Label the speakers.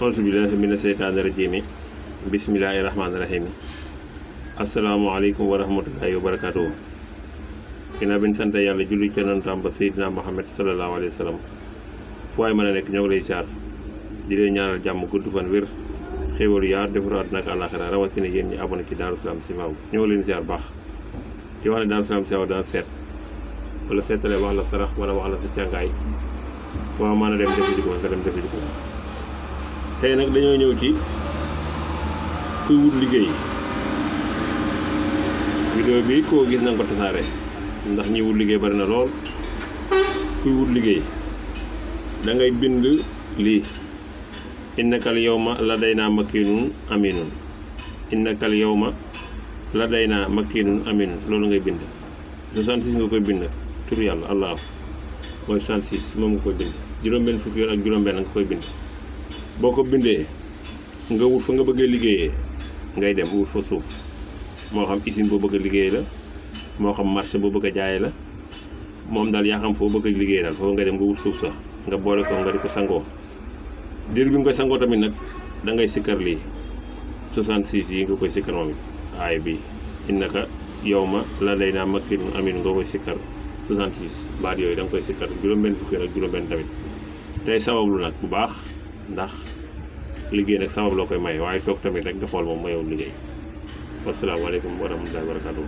Speaker 1: auzu billaahi mina seytaani rajiimi bismillaahi rahmaani rahiimi asalaamaaleykum wa rahmatullaahi wa barakaatuhu ginnaaw bi ñu sant yàlla julli ci yonentam ba Seydina Muhammad sallallaahu alayhi wa sallam fu mën a nekk ñëw ngi lay jaar di leen ñaanal jàmm gudd fan wér xéwalu yaar defaru àdduna ak àllaaxira rawatina yéen ñi abonné ci Daaru Salaam Chifaou ñoo ngi leen ziar baax di wax ne Daaru Salaam Chifaou dana seet wala seetale wax la sarax wala wax la sa càngaay ma mën a tey nag dañoo ñëw ci kuy wut liggéey vidéo bi koo gis na ko tasaare ndax ñi wut liggéey bari na lool kuy wut liggéey da ngay bind lii innakal yawma ladaynaa makiinun aminun innakal yawma ladaynaa makiinun aminun loolu ngay bind 66 nga koy bind tur yàlla allah mooy 66 moom nga koy bind juróom-benn fukki yoon ak juróom-benn nga koy bind boo ko bindee nga wut fa nga bëggee a liggéeyee ngay dem wut fa suuf moo xam usine boo bëgg a liggéey la moo xam marché boo bëgg a la moom daal yaa xam foo bëgg a liggéey daal foofu nga dem nga wut suuf sax nga boole ko nga di ko sangoo diir bi nga koy sangoo tamit nag da ngay sikkar lii 66 yi nga koy sikkar moom it aay bi innaka yow ma la lay naa makkinun amin nga koy sikkar 66 baat yooyu da nga koy sikkar juróom-benn fukki tamit tey bu baax ndax liggéey nag sabab loo koy may waaye toog tamit rek di xool moom mayewul liggéey wasalaamaaleykum wa rahmatullahi wa barakatuh